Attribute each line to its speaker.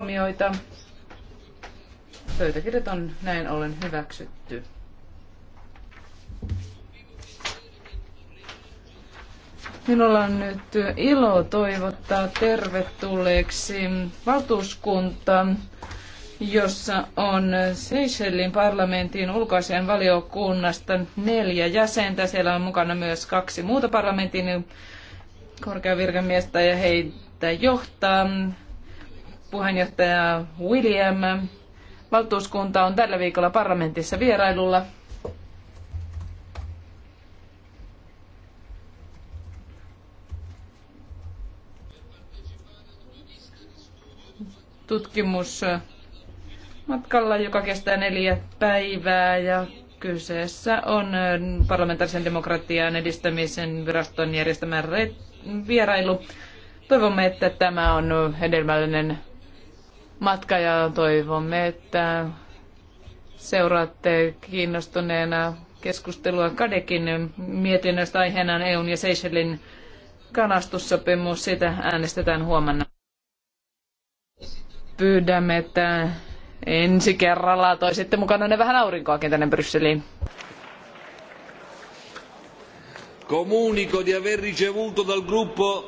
Speaker 1: huomioita. Pöytäkirjat on näin ollen hyväksytty. Minulla on nyt ilo toivottaa tervetulleeksi valtuuskunta, jossa on Seychellin parlamentin ulkoisen valiokunnasta neljä jäsentä. Siellä on mukana myös kaksi muuta parlamentin korkeavirkamiestä ja heitä johtaa puheenjohtaja William. Valtuuskunta on tällä viikolla parlamentissa vierailulla. Tutkimus matkalla, joka kestää neljä päivää ja kyseessä on äh, parlamentaarisen demokratian edistämisen viraston järjestämä vierailu. Toivomme, että tämä on hedelmällinen matka ja toivomme, että seuraatte kiinnostuneena keskustelua Kadekin mietinnöstä aiheena EUn ja Seychellin kalastussopimus. Sitä äänestetään huomenna. Pyydämme, että ensi kerralla toisitte mukana ne vähän aurinkoakin tänne Brysseliin. Comunico di aver ricevuto dal gruppo